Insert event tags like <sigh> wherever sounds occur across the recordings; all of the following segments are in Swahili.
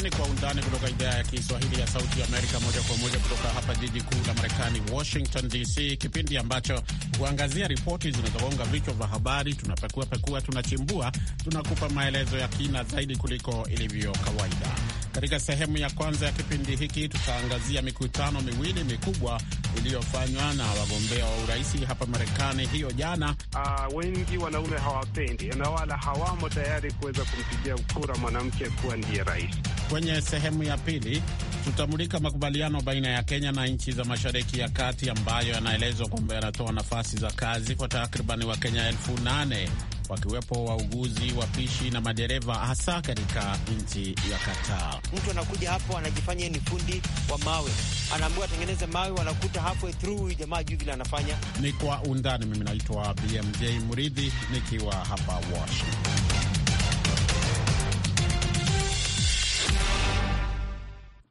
Hii ni Kwa Undani kutoka idhaa ya Kiswahili ya Sauti Amerika, moja kwa moja kutoka hapa jiji kuu la Marekani, Washington DC, kipindi ambacho huangazia ripoti zinazogonga vichwa vya habari. Tunapekua pekua, tunachimbua, tunakupa maelezo ya kina zaidi kuliko ilivyo kawaida. Katika sehemu ya kwanza ya kipindi hiki tutaangazia mikutano miwili mikubwa iliyofanywa na wagombea wa urais hapa Marekani hiyo jana. Uh, wengi wanaume hawapendi na wala hawamo tayari kuweza kumpigia kura mwanamke kuwa ndiye rais. Kwenye sehemu ya pili tutamulika makubaliano baina ya Kenya na nchi za Mashariki ya Kati ambayo yanaelezwa kwamba yanatoa nafasi za kazi kwa takribani Wakenya elfu nane wakiwepo wauguzi, wapishi na madereva, hasa katika nchi ya Kataa. Mtu anakuja hapo anajifanya ni fundi wa mawe, anaambiwa atengeneze mawe, wanakuta halfway through jamaa juu vile anafanya. Ni kwa undani. Mimi naitwa BMJ Muridhi nikiwa hapa Washington.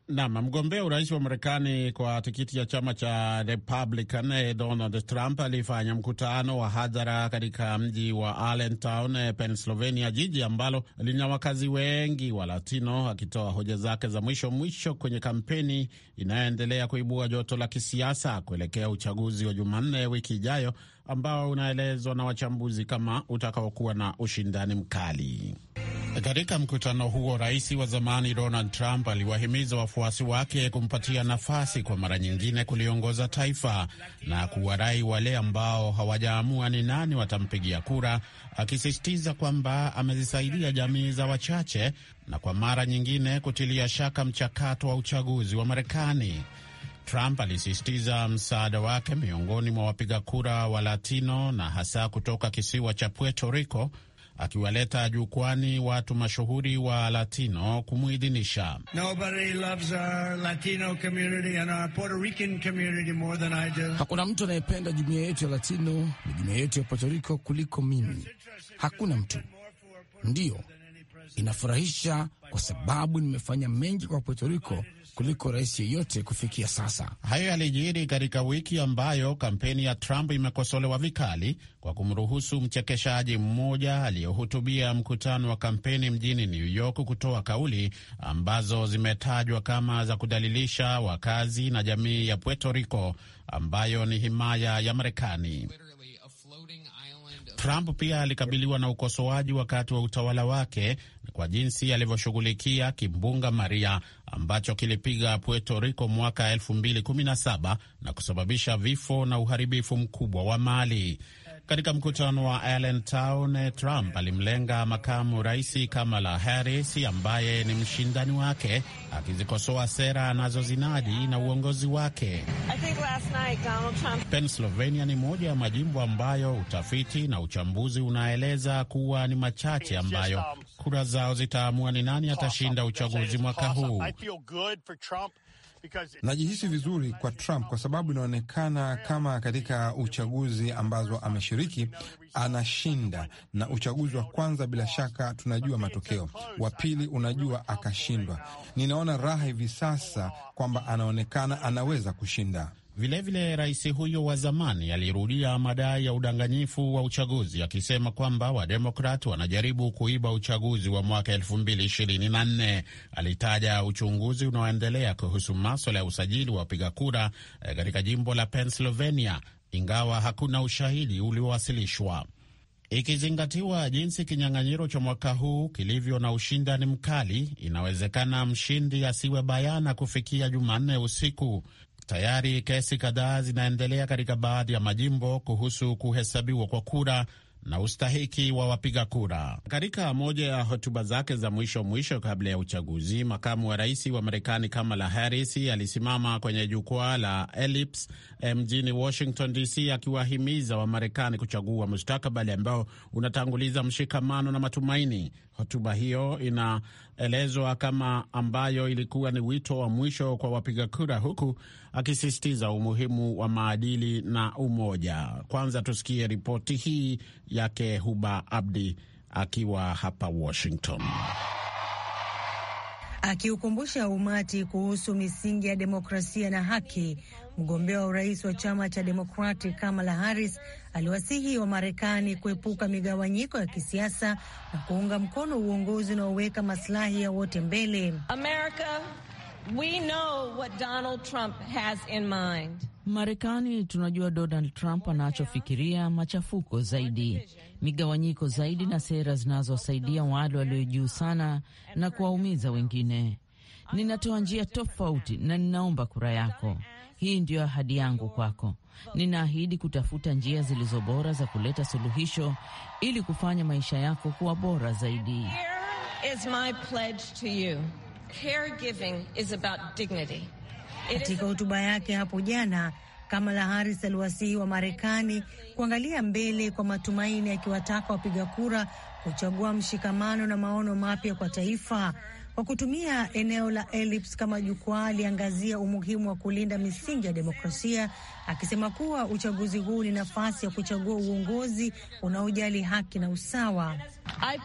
Nam, mgombea urais wa Marekani kwa tikiti ya chama cha Republican eh, Donald Trump alifanya mkutano wa hadhara katika mji wa Allentown, eh, Pennsylvania, jiji ambalo lina wakazi wengi wa Latino, akitoa hoja zake za mwisho mwisho kwenye kampeni inayoendelea kuibua joto la kisiasa kuelekea uchaguzi wa Jumanne wiki ijayo ambao unaelezwa na wachambuzi kama utakaokuwa na ushindani mkali. Katika mkutano huo, rais wa zamani Donald Trump aliwahimiza wafuasi wake kumpatia nafasi kwa mara nyingine kuliongoza taifa na kuwarai wale ambao hawajaamua ni nani watampigia kura, akisisitiza kwamba amezisaidia jamii za wachache na kwa mara nyingine kutilia shaka mchakato wa uchaguzi wa Marekani. Trump alisisitiza msaada wake miongoni mwa wapiga kura wa Latino na hasa kutoka kisiwa cha Puerto Rico akiwaleta jukwani watu mashuhuri wa Latino kumwidhinisha. Hakuna mtu anayependa jumuiya yetu ya Latino na jumuiya yetu ya Puerto Rico kuliko mimi, hakuna mtu. Ndiyo, inafurahisha kwa sababu nimefanya mengi kwa Puerto Rico kuliko rais yeyote kufikia sasa. Hayo yalijiri katika wiki ambayo kampeni ya Trump imekosolewa vikali kwa kumruhusu mchekeshaji mmoja aliyehutubia mkutano wa kampeni mjini New York kutoa kauli ambazo zimetajwa kama za kudalilisha wakazi na jamii ya Puerto Rico ambayo ni himaya ya Marekani. Trump pia alikabiliwa na ukosoaji wakati wa utawala wake kwa jinsi alivyoshughulikia kimbunga Maria ambacho kilipiga Puerto Rico mwaka 2017 na kusababisha vifo na uharibifu mkubwa wa mali. Katika mkutano wa Allentown, Trump alimlenga makamu rais Kamala Harris ambaye ni mshindani wake, akizikosoa sera anazozinadi na uongozi wake. Trump... Pennsylvania ni moja ya majimbo ambayo utafiti na uchambuzi unaeleza kuwa ni machache ambayo um, kura zao zitaamua ni nani atashinda uchaguzi mwaka huu. Najihisi vizuri kwa Trump kwa sababu inaonekana kama katika uchaguzi ambazo ameshiriki anashinda, na uchaguzi wa kwanza bila shaka tunajua matokeo, wa pili unajua akashindwa. Ninaona raha hivi sasa kwamba anaonekana anaweza kushinda. Vilevile rais huyo wa zamani alirudia madai ya udanganyifu wa uchaguzi akisema kwamba Wademokrat wanajaribu kuiba uchaguzi wa mwaka 2024. Alitaja uchunguzi unaoendelea kuhusu maswala ya usajili wa wapiga kura eh, katika jimbo la Pennsylvania, ingawa hakuna ushahidi uliowasilishwa. Ikizingatiwa jinsi kinyang'anyiro cha mwaka huu kilivyo na ushindani mkali, inawezekana mshindi asiwe bayana kufikia Jumanne usiku, Tayari kesi kadhaa zinaendelea katika baadhi ya majimbo kuhusu kuhesabiwa kwa kura na ustahiki wa wapiga kura. Katika moja ya hotuba zake za mwisho mwisho kabla ya uchaguzi, makamu wa rais wa Marekani Kamala Harris alisimama kwenye jukwaa la Ellipse eh, mjini Washington DC, akiwahimiza Wamarekani kuchagua mustakabali ambao unatanguliza mshikamano na matumaini. Hotuba hiyo inaelezwa kama ambayo ilikuwa ni wito wa mwisho kwa wapiga kura, huku akisisitiza umuhimu wa maadili na umoja. Kwanza tusikie ripoti hii yake Huba Abdi akiwa hapa Washington akiukumbusha umati kuhusu misingi ya demokrasia na haki. Mgombea wa urais wa chama cha Demokrati Kamala Harris aliwasihi wa Marekani kuepuka migawanyiko ya kisiasa na kuunga mkono uongozi unaoweka masilahi ya wote mbele. America We know what Donald Trump has in mind. Marekani tunajua Donald Trump anachofikiria, machafuko zaidi, migawanyiko zaidi, na sera zinazowasaidia wale walio juu sana na kuwaumiza wengine. Ninatoa njia tofauti na ninaomba kura yako. Hii ndiyo ahadi yangu kwako. Ninaahidi kutafuta njia zilizo bora za kuleta suluhisho ili kufanya maisha yako kuwa bora zaidi. Here is my pledge to you. Katika hotuba yake hapo jana, Kamala Harris aliwasihi wa Marekani kuangalia mbele kwa matumaini, akiwataka wapiga kura kuchagua mshikamano na maono mapya kwa taifa. Kwa kutumia eneo la Ellipse kama jukwaa, aliangazia umuhimu wa kulinda misingi ya demokrasia, akisema kuwa uchaguzi huu ni nafasi ya kuchagua uongozi unaojali haki na usawa. I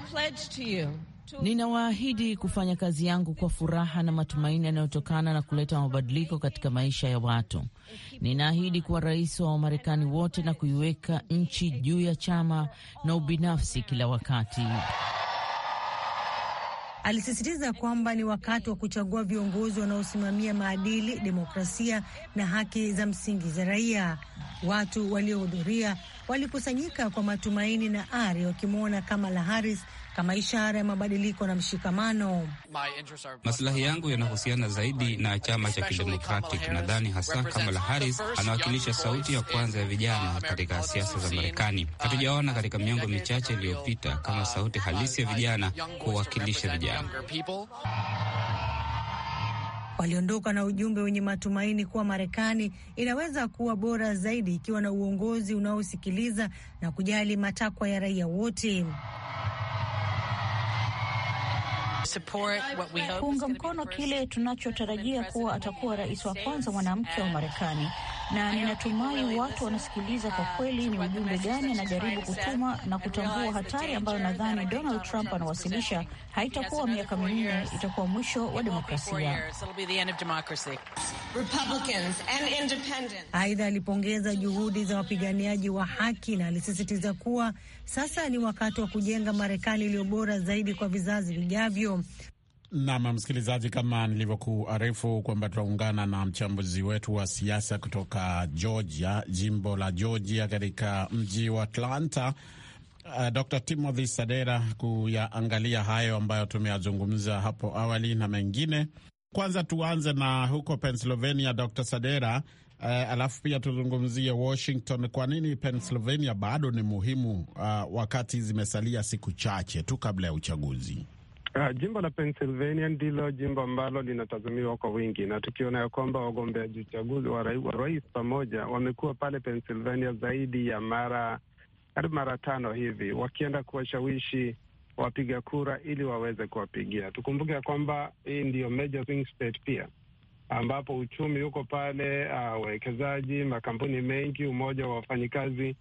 Ninawaahidi kufanya kazi yangu kwa furaha na matumaini yanayotokana na kuleta mabadiliko katika maisha ya watu. Ninaahidi kuwa rais wa Wamarekani wote na kuiweka nchi juu ya chama na ubinafsi kila wakati. Alisisitiza kwamba ni wakati wa kuchagua viongozi wanaosimamia maadili, demokrasia na haki za msingi za raia. Watu waliohudhuria walikusanyika kwa matumaini na ari, wakimwona Kamala Harris kama ishara ya mabadiliko na mshikamano. Masilahi yangu yanahusiana zaidi na chama cha Kidemokratic. Nadhani hasa Kamala Harris anawakilisha sauti ya kwanza ya vijana uh, katika siasa za Marekani. Hatujaona katika miongo michache iliyopita kama uh, sauti halisi ya vijana kuwakilisha vijana. Waliondoka na ujumbe wenye matumaini kuwa Marekani inaweza kuwa bora zaidi ikiwa na uongozi unaosikiliza na kujali matakwa ya raia wote. Kuunga mkono kile tunachotarajia kuwa atakuwa rais wa kwanza mwanamke wa Marekani na ninatumai watu wanasikiliza kwa kweli ni ujumbe gani anajaribu kutuma na kutambua hatari ambayo nadhani Donald Trump anawasilisha. Haitakuwa miaka minne, itakuwa mwisho wa demokrasia. Aidha, alipongeza juhudi za wapiganiaji wa haki na alisisitiza kuwa sasa ni wakati wa kujenga Marekani iliyo bora zaidi kwa vizazi vijavyo. Nam msikilizaji, kama nilivyokuarifu kwamba tunaungana na mchambuzi wetu wa siasa kutoka Georgia, jimbo la Georgia, katika mji wa Atlanta, uh, Dr Timothy Sadera, kuyaangalia hayo ambayo tumeyazungumza hapo awali na mengine. Kwanza tuanze na huko Pennsylvania, Dr Sadera, uh, alafu pia tuzungumzie Washington. Kwa nini Pennsylvania bado ni muhimu, uh, wakati zimesalia siku chache tu kabla ya uchaguzi? Uh, jimbo la Pennsylvania ndilo jimbo ambalo linatazamiwa kwa wingi, na tukiona ya kwamba wagombeaji uchaguzi wa rais pamoja wamekuwa pale Pennsylvania zaidi ya mara hadi mara tano hivi, wakienda kuwashawishi wapiga kura ili waweze kuwapigia. Tukumbuke ya kwamba hii ndiyo major swing state pia, ambapo uchumi uko pale, ah, wawekezaji, makampuni mengi, umoja wa wafanyikazi,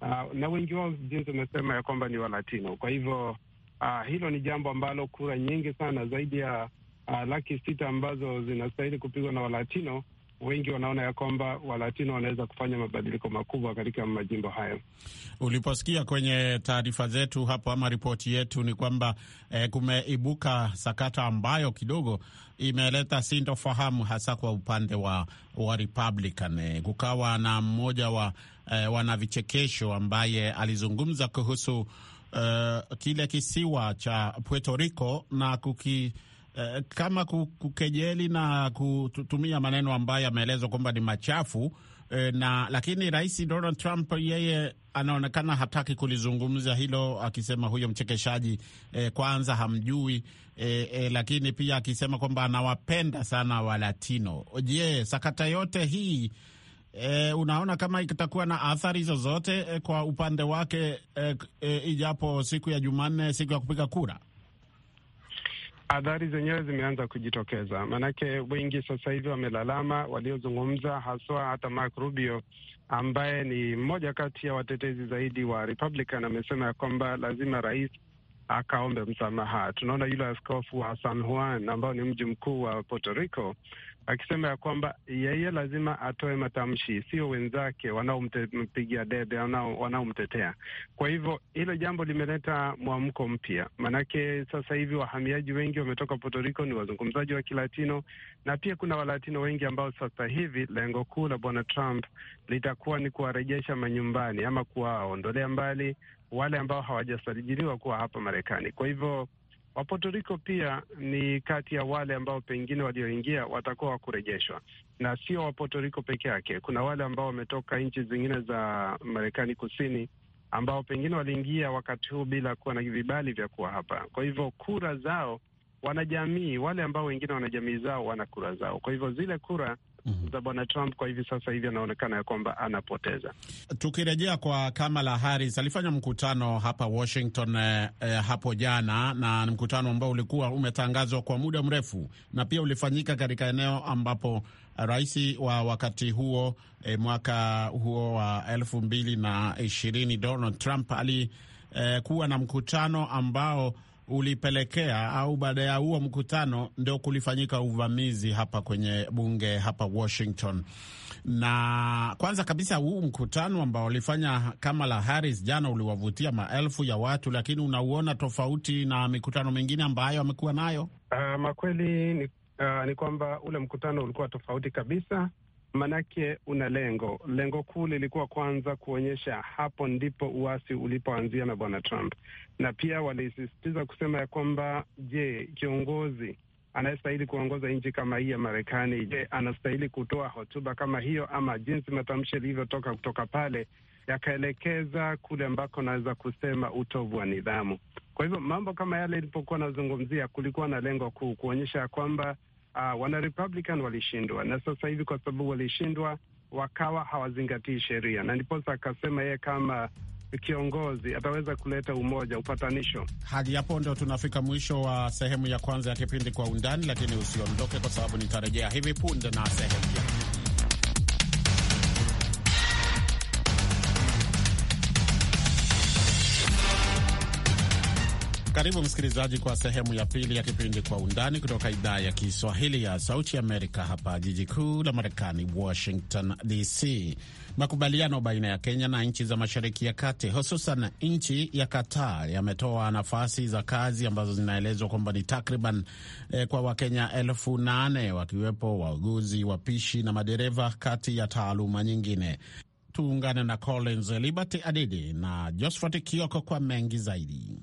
uh, na wengi wao jinsi umesema ya kwamba ni Walatino, kwa hivyo Uh, hilo ni jambo ambalo kura nyingi sana zaidi ya uh, laki sita ambazo zinastahili kupigwa na Walatino, wengi wanaona ya kwamba Walatino wanaweza kufanya mabadiliko makubwa katika majimbo hayo. Uliposikia kwenye taarifa zetu hapo ama ripoti yetu ni kwamba eh, kumeibuka sakata ambayo kidogo imeleta sintofahamu hasa kwa upande wa, wa Republican eh, kukawa na mmoja wa eh, wana vichekesho ambaye alizungumza kuhusu Eh, kile kisiwa cha Puerto Rico na kuki eh, kama kukejeli na kutumia maneno ambayo yameelezwa kwamba ni machafu eh, na lakini Rais Donald Trump yeye anaonekana hataki kulizungumza hilo, akisema huyo mchekeshaji eh, kwanza hamjui eh, eh, lakini pia akisema kwamba anawapenda sana Walatino. Je, sakata yote hii E, unaona kama itakuwa na athari zozote e, kwa upande wake e, e, ijapo siku ya Jumanne, siku ya kupiga kura, athari zenyewe zimeanza kujitokeza, maanake wengi sasa hivi wamelalama, waliozungumza haswa, hata Mark Rubio ambaye ni mmoja kati ya watetezi zaidi wa Republican amesema ya kwamba lazima rais akaombe msamaha. Tunaona yule askofu wa San Juan ambao ni mji mkuu wa Puerto Rico akisema ya kwamba yeye lazima atoe matamshi, sio wenzake wanaompigia debe, wanaomtetea. Kwa hivyo hilo jambo limeleta mwamko mpya, maanake sasa hivi wahamiaji wengi wametoka Puerto Rico ni wazungumzaji wa Kilatino, na pia kuna Walatino wengi ambao sasa hivi lengo kuu la bwana Trump litakuwa ni kuwarejesha manyumbani ama kuwaondolea mbali wale ambao hawajasajiliwa kuwa hapa Marekani. Kwa hivyo wapotoriko Rico pia ni kati ya wale ambao pengine walioingia watakuwa wakurejeshwa, na sio wapotoriko Rico peke yake. Kuna wale ambao wametoka nchi zingine za Marekani Kusini ambao pengine waliingia wakati huu bila kuwa na vibali vya kuwa hapa. Kwa hivyo kura zao wanajamii, wale ambao wengine wanajamii zao wana kura zao, kwa hivyo zile kura mm -hmm. Bwana Trump kwa hivi sasa hivi anaonekana ya kwamba anapoteza. Tukirejea kwa Kamala Harris, alifanya mkutano hapa Washington eh, eh hapo jana, na mkutano ambao ulikuwa umetangazwa kwa muda mrefu na pia ulifanyika katika eneo ambapo rais wa wakati huo eh, mwaka huo wa elfu mbili na ishirini Donald Trump alikuwa eh, na mkutano ambao ulipelekea au baada ya huo mkutano ndio kulifanyika uvamizi hapa kwenye bunge hapa Washington. Na kwanza kabisa huu mkutano ambao ulifanya Kamala Harris jana uliwavutia maelfu ya watu, lakini unauona tofauti na mikutano mingine ambayo amekuwa nayo? Uh, makweli ni, uh, ni kwamba ule mkutano ulikuwa tofauti kabisa Manake una lengo. Lengo kuu lilikuwa kwanza kuonyesha hapo ndipo uasi ulipoanzia na bwana Trump, na pia walisisitiza kusema ya kwamba, je, kiongozi anayestahili kuongoza nchi kama hii ya Marekani, je, anastahili kutoa hotuba kama hiyo? Ama jinsi matamshi yalivyotoka kutoka pale yakaelekeza kule ambako naweza kusema utovu wa nidhamu. Kwa hivyo mambo kama yale ilipokuwa nazungumzia, kulikuwa na lengo kuu kuonyesha ya kwamba uh, wana Republican walishindwa, na sasa hivi kwa sababu walishindwa wakawa hawazingatii sheria, na ndiposa akasema yeye kama kiongozi ataweza kuleta umoja, upatanisho. Hadi hapo ndo tunafika mwisho wa sehemu ya kwanza ya kipindi Kwa Undani, lakini usiondoke, kwa sababu nitarejea hivi punde na sehemu ya Karibu msikilizaji, kwa sehemu ya pili ya kipindi Kwa Undani kutoka idhaa ya Kiswahili ya Sauti Amerika, hapa jiji kuu la Marekani, Washington DC. Makubaliano baina ya Kenya na nchi za Mashariki ya Kati, hususan nchi ya Qatar, yametoa nafasi za kazi ambazo zinaelezwa kwamba ni takriban eh, kwa Wakenya elfu nane wakiwepo wauguzi, wapishi na madereva, kati ya taaluma nyingine. Tuungane na Collins Liberty Adidi na Josphat Kioko kwa mengi zaidi.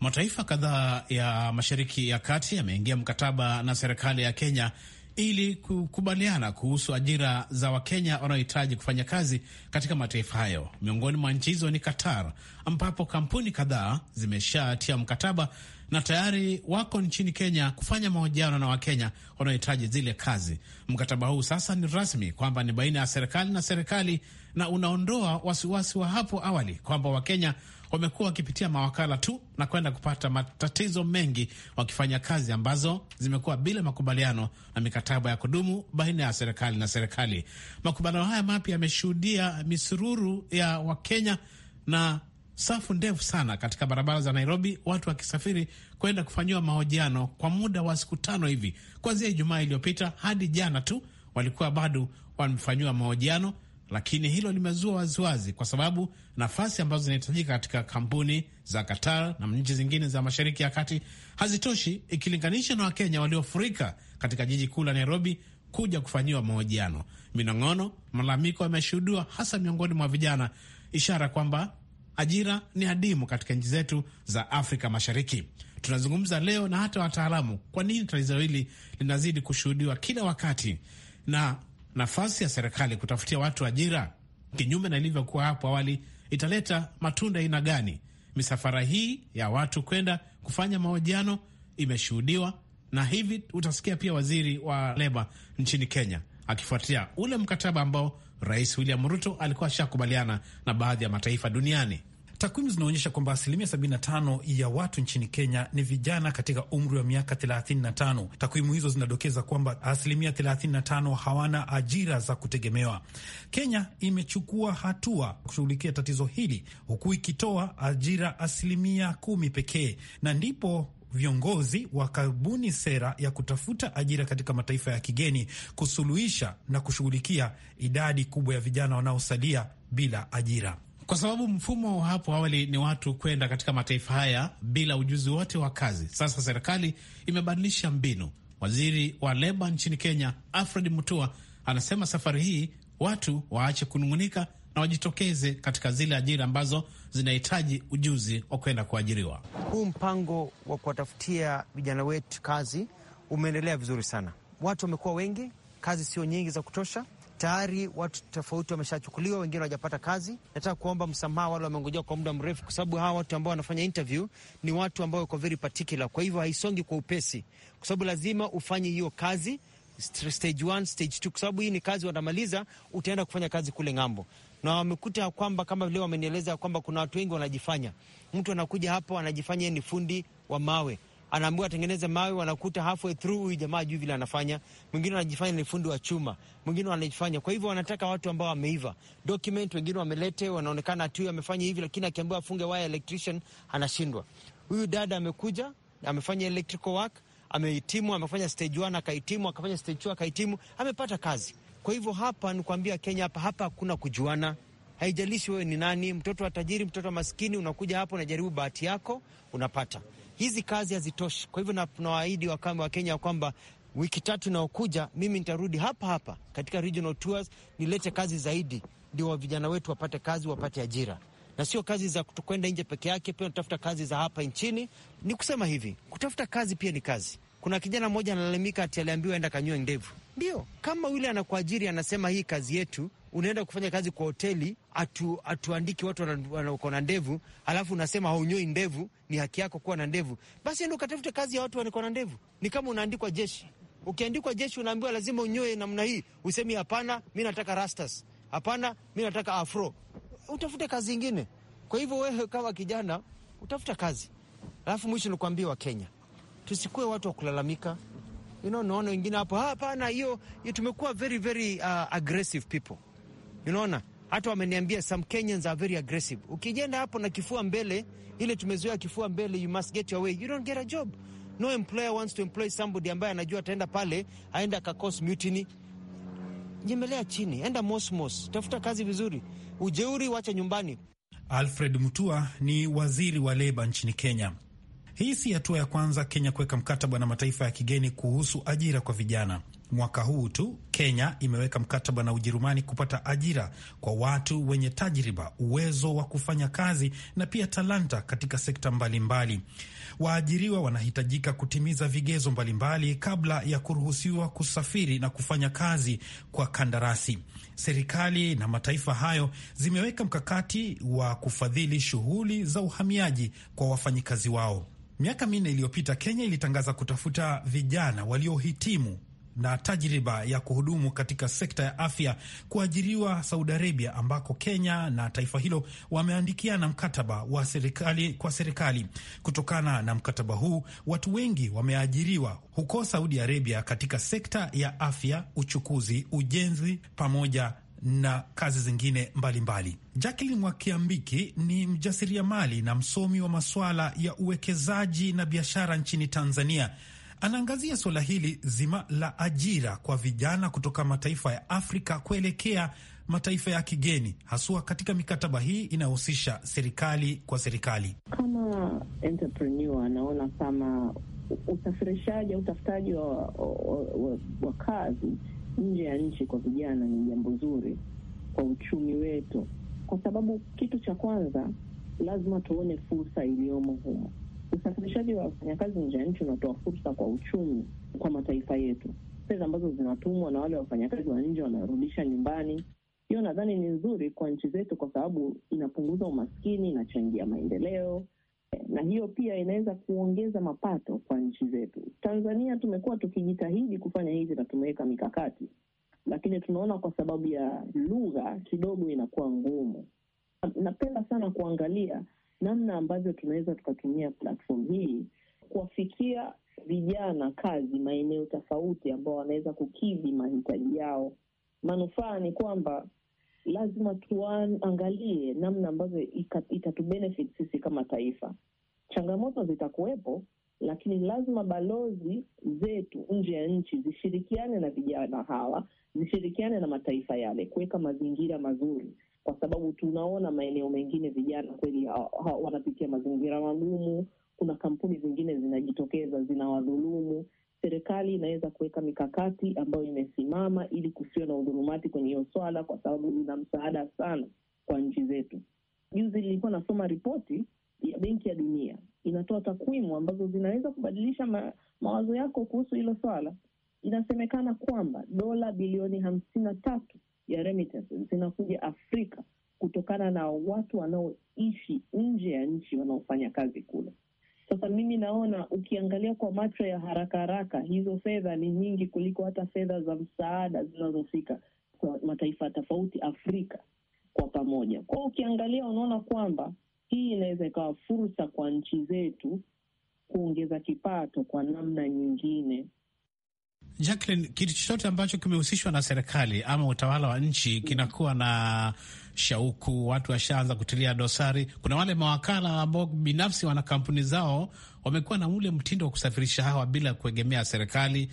Mataifa kadhaa ya Mashariki ya Kati yameingia mkataba na serikali ya Kenya ili kukubaliana kuhusu ajira za Wakenya wanaohitaji kufanya kazi katika mataifa hayo. Miongoni mwa nchi hizo ni Qatar, ambapo kampuni kadhaa zimeshatia mkataba na tayari wako nchini Kenya kufanya mahojiano na Wakenya wanaohitaji zile kazi. Mkataba huu sasa ni rasmi kwamba ni baina ya serikali na serikali, na unaondoa wasiwasi wa hapo awali kwamba Wakenya wamekuwa wakipitia mawakala tu na kwenda kupata matatizo mengi wakifanya kazi ambazo zimekuwa bila makubaliano na mikataba ya kudumu baina ya serikali na serikali. Makubaliano haya mapya yameshuhudia misururu ya Wakenya na safu ndefu sana katika barabara za Nairobi, watu wakisafiri kwenda kufanyiwa mahojiano kwa muda wa siku tano hivi, kuanzia Ijumaa iliyopita hadi jana tu walikuwa bado wamefanyiwa mahojiano lakini hilo limezua waziwazi, kwa sababu nafasi ambazo zinahitajika katika kampuni za Qatar na nchi zingine za Mashariki ya Kati hazitoshi ikilinganisha na Wakenya waliofurika katika jiji kuu la Nairobi kuja kufanyiwa mahojiano. Minong'ono, malalamiko yameshuhudiwa hasa miongoni mwa vijana, ishara kwamba ajira ni adimu katika nchi zetu za Afrika Mashariki. Tunazungumza leo na hata wataalamu, kwa nini tatizo hili linazidi kushuhudiwa kila wakati na nafasi ya serikali kutafutia watu ajira, kinyume na ilivyokuwa hapo awali, italeta matunda aina gani? Misafara hii ya watu kwenda kufanya mahojiano imeshuhudiwa, na hivi utasikia pia waziri wa leba nchini Kenya akifuatia ule mkataba ambao Rais William Ruto alikuwa ashakubaliana na baadhi ya mataifa duniani. Takwimu zinaonyesha kwamba asilimia 75 ya watu nchini Kenya ni vijana katika umri wa miaka 35. Takwimu hizo zinadokeza kwamba asilimia 35 hawana ajira za kutegemewa. Kenya imechukua hatua kushughulikia tatizo hili, huku ikitoa ajira asilimia kumi pekee, na ndipo viongozi wakabuni sera ya kutafuta ajira katika mataifa ya kigeni kusuluhisha na kushughulikia idadi kubwa ya vijana wanaosalia bila ajira kwa sababu mfumo hapo awali ni watu kwenda katika mataifa haya bila ujuzi wote wa kazi. Sasa serikali imebadilisha mbinu. Waziri wa leba nchini Kenya Alfred Mutua anasema safari hii watu waache kunung'unika na wajitokeze katika zile ajira ambazo zinahitaji ujuzi wa kwenda kuajiriwa. Huu mpango wa kuwatafutia vijana wetu kazi umeendelea vizuri sana, watu wamekuwa wengi, kazi sio nyingi za kutosha tayari watu tofauti wameshachukuliwa, wengine hawajapata kazi. Nataka kuomba msamaha wale wameongojea kwa muda mrefu, kwa sababu hawa watu ambao wanafanya interview ni watu ambao wako very particular, kwa hivyo haisongi kwa upesi, kwa sababu lazima ufanye hiyo kazi stage one, stage two, kwa sababu hii ni kazi wanamaliza, utaenda kufanya kazi kule ng'ambo na wamekuta kwamba kama vile wamenieleza kwamba kuna watu wengi wanajifanya, mtu anakuja hapo anajifanya ni fundi wa mawe anaambiwa atengeneze mawe, wanakuta halfway through huyu jamaa juu vile anafanya. Mwingine anajifanya ni fundi wa chuma, mwingine wanajifanya. Kwa hivyo wanataka watu ambao wameiva document, wengine wamelete, wanaonekana tu amefanya hivi, lakini akiambiwa afunge wire electrician anashindwa. Huyu dada amekuja amefanya electrical work, amehitimu, amefanya stage 1 akahitimu, akafanya stage 2 akahitimu, amepata kazi. Kwa hivyo hapa nikuambia, Kenya hapa hapa hakuna kujuana. Haijalishi wewe ni nani, mtoto wa tajiri, mtoto wa maskini, unakuja hapo, unajaribu bahati yako, unapata hizi kazi hazitoshi. Kwa hivyo nawaahidi wakame wa Kenya kwamba wiki tatu inaokuja mimi nitarudi hapa hapa katika regional tours, nilete kazi zaidi, ndio vijana wetu wapate kazi, wapate ajira na sio kazi za kwenda nje peke yake. Pia natafuta kazi za hapa nchini. Ni kusema hivi, kutafuta kazi pia ni kazi. Kuna kijana mmoja analalamika ati aliambiwa enda kanywe ndevu. Ndio kama yule anakuajiri anasema hii kazi yetu unaenda kufanya kazi kwa hoteli, atu, atuandiki watu wako na ndevu, alafu unasema haunyoi ndevu, ni haki yako kuwa na ndevu. Basi enda ukatafute kazi ya watu wako na ndevu. Ni kama unaandikwa jeshi. Ukiandikwa jeshi, unaambiwa lazima unyoe namna hii, usemi hapana, mi nataka rastas, hapana, mi nataka afro. Utafute kazi ingine. Kwa hivyo wewe kama kijana utafuta kazi. Alafu mwisho nikuambia, Wakenya tusikuwe watu wa kulalamika. You know, naona wengine hapo, hapana, hiyo tumekuwa very very uh, aggressive people unaona hata wameniambia some Kenyans are very aggressive. Ukijenda hapo na kifua mbele, ile tumezoea kifua mbele, you must get your way, you don't get a job. No employer wants to employ somebody ambaye anajua ataenda pale aenda akakos mutiny. Nyemelea chini, enda mosmos, tafuta kazi vizuri, ujeuri wacha nyumbani. Alfred Mutua ni waziri wa leba nchini Kenya. Hii si hatua ya kwanza Kenya kuweka mkataba na mataifa ya kigeni kuhusu ajira kwa vijana. Mwaka huu tu Kenya imeweka mkataba na Ujerumani kupata ajira kwa watu wenye tajriba, uwezo wa kufanya kazi na pia talanta katika sekta mbalimbali mbali. Waajiriwa wanahitajika kutimiza vigezo mbalimbali mbali kabla ya kuruhusiwa kusafiri na kufanya kazi kwa kandarasi. Serikali na mataifa hayo zimeweka mkakati wa kufadhili shughuli za uhamiaji kwa wafanyikazi wao. Miaka minne iliyopita Kenya ilitangaza kutafuta vijana waliohitimu na tajriba ya kuhudumu katika sekta ya afya kuajiriwa Saudi Arabia, ambako Kenya na taifa hilo wameandikiana mkataba wa serikali kwa serikali. Kutokana na mkataba huu, watu wengi wameajiriwa huko Saudi Arabia katika sekta ya afya, uchukuzi, ujenzi pamoja na kazi zingine mbalimbali. Jacqueline Mwakiambiki ni mjasiriamali na msomi wa masuala ya uwekezaji na biashara nchini Tanzania anaangazia suala hili zima la ajira kwa vijana kutoka mataifa ya Afrika kuelekea mataifa ya kigeni, haswa katika mikataba hii inayohusisha serikali kwa serikali. Kama entrepreneur anaona kama usafirishaji au utafutaji wa, wa, wa, wa kazi nje ya nchi kwa vijana ni jambo zuri kwa uchumi wetu, kwa sababu kitu cha kwanza lazima tuone fursa iliyomo humo Usafirishaji wa wafanyakazi nje ya nchi unatoa fursa kwa uchumi kwa mataifa yetu. Fedha ambazo zinatumwa na wale wafanyakazi wa nje wanarudisha nyumbani. Hiyo nadhani ni nzuri kwa nchi zetu, kwa sababu inapunguza umaskini, inachangia maendeleo, na hiyo pia inaweza kuongeza mapato kwa nchi zetu. Tanzania tumekuwa tukijitahidi kufanya hivi na tumeweka mikakati, lakini tunaona kwa sababu ya lugha kidogo inakuwa ngumu. Napenda sana kuangalia namna ambavyo tunaweza tukatumia platform hii kuwafikia vijana kazi maeneo tofauti, ambao wanaweza kukidhi mahitaji yao. Manufaa ni kwamba lazima tuangalie namna ambavyo itatubenefit sisi kama taifa. Changamoto zitakuwepo, lakini lazima balozi zetu nje ya nchi zishirikiane na vijana hawa, zishirikiane na mataifa yale kuweka mazingira mazuri kwa sababu tunaona maeneo mengine vijana kweli wanapitia mazingira magumu. Kuna kampuni zingine zinajitokeza zinawadhulumu. Serikali inaweza kuweka mikakati ambayo imesimama ili kusiwe na udhulumati kwenye hiyo swala, kwa sababu ina msaada sana kwa nchi zetu. Juzi nilikuwa nasoma ripoti ya Benki ya Dunia inatoa takwimu ambazo zinaweza kubadilisha ma, mawazo yako kuhusu hilo swala. Inasemekana kwamba dola bilioni hamsini na tatu ya remittances zinakuja Afrika kutokana na watu wanaoishi nje ya nchi wanaofanya kazi kule. Sasa mimi naona ukiangalia kwa macho ya haraka haraka, hizo fedha ni nyingi kuliko hata fedha za msaada zinazofika kwa mataifa tofauti Afrika kwa pamoja. Kwao ukiangalia, unaona kwamba hii inaweza ikawa fursa kwa nchi zetu kuongeza kipato kwa namna nyingine Jacqueline, kitu chochote ambacho kimehusishwa na serikali ama utawala wa nchi kinakuwa na shauku, watu washaanza kutilia dosari. Kuna wale mawakala ambao binafsi wana kampuni zao, wamekuwa na ule mtindo wa kusafirisha hawa bila kuegemea serikali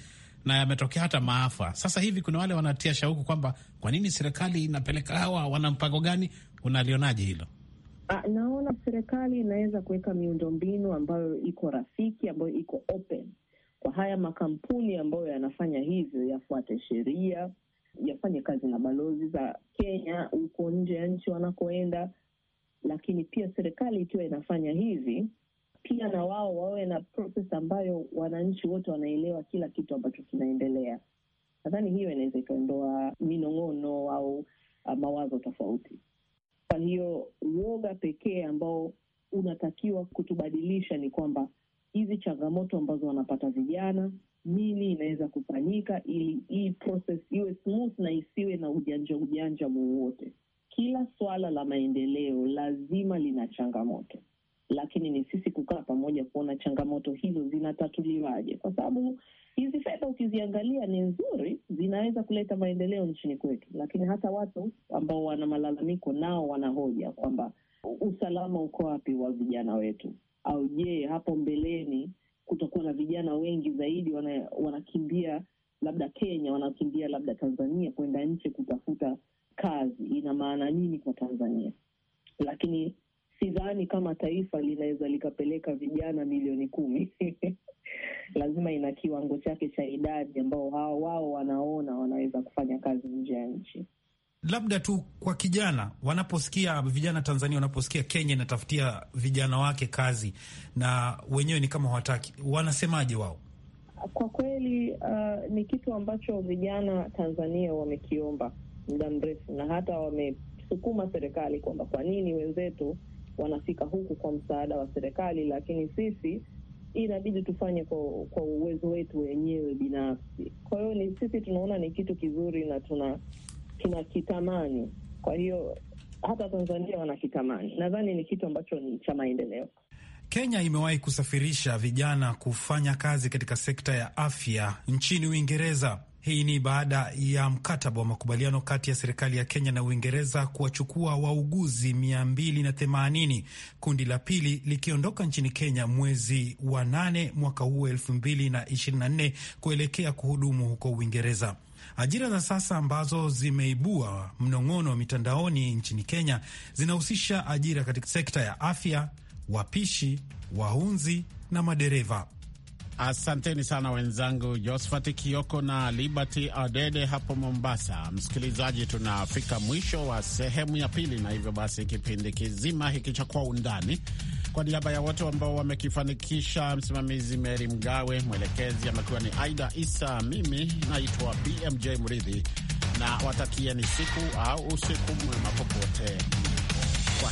na yametokea hata maafa. Sasa hivi kuna wale wanatia shauku kwamba kwa nini serikali inapeleka hawa, wana mpango gani? Unalionaje hilo? Ah, naona serikali inaweza kuweka miundombinu ambayo iko rafiki, ambayo iko open kwa haya makampuni ambayo yanafanya hivyo yafuate sheria, yafanye kazi na balozi za Kenya huko nje ya nchi wanakoenda. Lakini pia serikali ikiwa inafanya hivi, pia na wao wawe na process ambayo wananchi wote wanaelewa kila kitu ambacho kinaendelea. Nadhani hiyo inaweza ikaondoa minong'ono au uh, mawazo tofauti. Kwa hiyo uoga pekee ambao unatakiwa kutubadilisha ni kwamba hizi changamoto ambazo wanapata vijana, nini inaweza kufanyika ili hii process iwe smooth na isiwe na ujanja ujanja wowote. Kila swala la maendeleo lazima lina changamoto, lakini ni sisi kukaa pamoja kuona changamoto hizo zinatatuliwaje, kwa sababu hizi fedha ukiziangalia ni nzuri, zinaweza kuleta maendeleo nchini kwetu, lakini hata watu ambao wana malalamiko nao wanahoja kwamba usalama uko wapi wa vijana wetu? au je, hapo mbeleni kutakuwa na vijana wengi zaidi wana, wanakimbia labda Kenya, wanakimbia labda Tanzania kwenda nje kutafuta kazi, ina maana nini kwa Tanzania? Lakini sidhani kama taifa linaweza likapeleka vijana milioni kumi <laughs> lazima ina kiwango chake cha idadi ambao hao wao wanaona wanaweza kufanya kazi nje ya nchi labda tu kwa kijana, wanaposikia vijana Tanzania wanaposikia Kenya inatafutia vijana wake kazi na wenyewe ni kama hawataki, wanasemaje wao? Kwa kweli uh, ni kitu ambacho vijana Tanzania wamekiomba muda mrefu na hata wamesukuma serikali kwamba kwa nini wenzetu wanafika huku kwa msaada wa serikali, lakini sisi inabidi tufanye kwa, kwa uwezo wetu wenyewe binafsi. Kwa hiyo ni sisi tunaona ni kitu kizuri na tuna tunakitamani. Kwa hiyo hata Tanzania wanakitamani, nadhani ni kitu ambacho ni cha maendeleo. Kenya imewahi kusafirisha vijana kufanya kazi katika sekta ya afya nchini Uingereza. Hii ni baada ya mkataba wa makubaliano kati ya serikali ya Kenya na Uingereza kuwachukua wauguzi 280 kundi la pili likiondoka nchini Kenya mwezi wa 8 mwaka huu 2024 kuelekea kuhudumu huko Uingereza. Ajira za sasa ambazo zimeibua mnong'ono wa mitandaoni nchini Kenya zinahusisha ajira katika sekta ya afya, wapishi, wahunzi na madereva. Asanteni sana wenzangu Josphat Kioko na Liberty Adede hapo Mombasa. Msikilizaji, tunafika mwisho wa sehemu ya pili, na hivyo basi kipindi kizima hiki cha Kwa Undani, kwa niaba ya wote ambao wamekifanikisha, msimamizi Meri Mgawe, mwelekezi amekuwa ni Aida Isa, mimi naitwa BMJ Mridhi na watakieni siku au usiku mwema popote kwa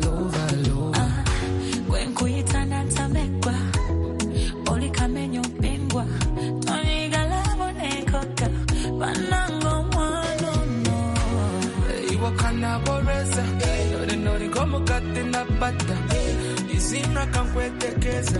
Y kupata, que kamkwetekeza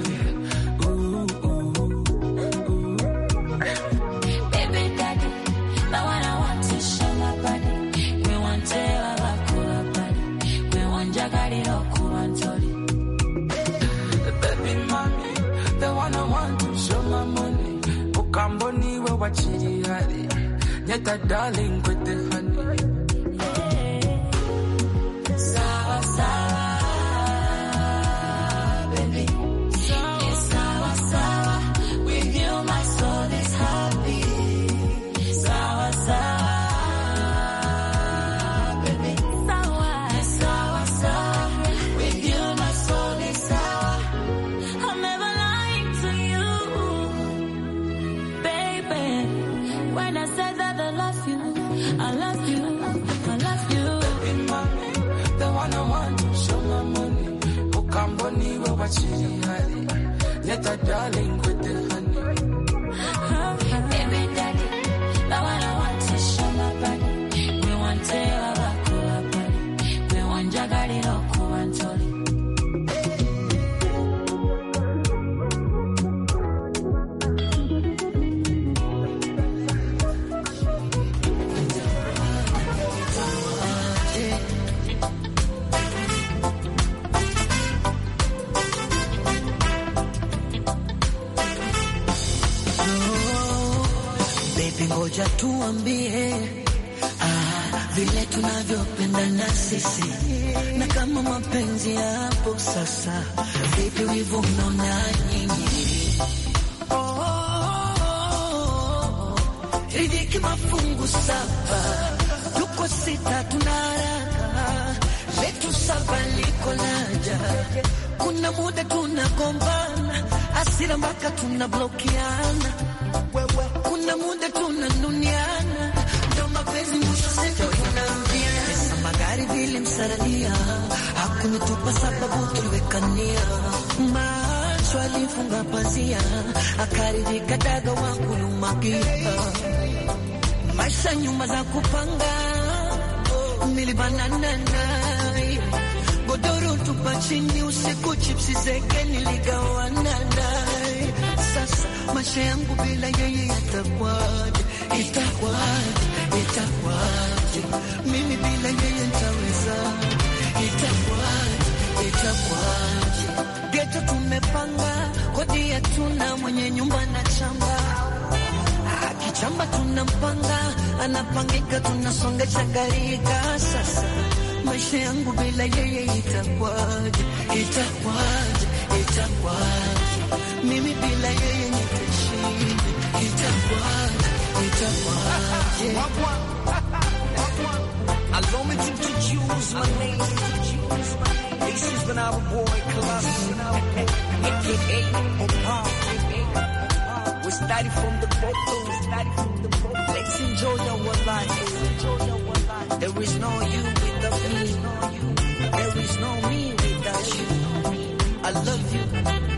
get that darling, quit the honey. Let hali darling nikwambie ah, vile tunavyopendana sisi na kama mapenzi yapo sasa, vipi wivu unaona nyinyi oh, oh, oh, oh. Ridhiki mafungu saba tuko sita tunaraka letu saba liko laja kuna muda tunagombana asira mpaka tunablokiana, kuna muda tuna tulitarajia, hakunitupa sababu tuliwekania, macho alifunga pazia, akaridhika daga wa kulumakia, maisha nyuma za kupanga, nilibana godoro tupa chini, usiku chipsi zeke niligawana naye. Sasa maisha yangu bila yeye itakuwaje? Itakuwaje? Itakuwaje mimi bila anampanga anapangika, tunasonga chakarika. Sasa maisha yangu bila yeye itakwaje? Itakwaje? Itakwaje? mimi bila yeye nitaishi? Itakwaje? Itakwaje? We started from the bottom. We started from the bottom. Let's enjoy our life. There is no you without me. There is no me without you. I love you.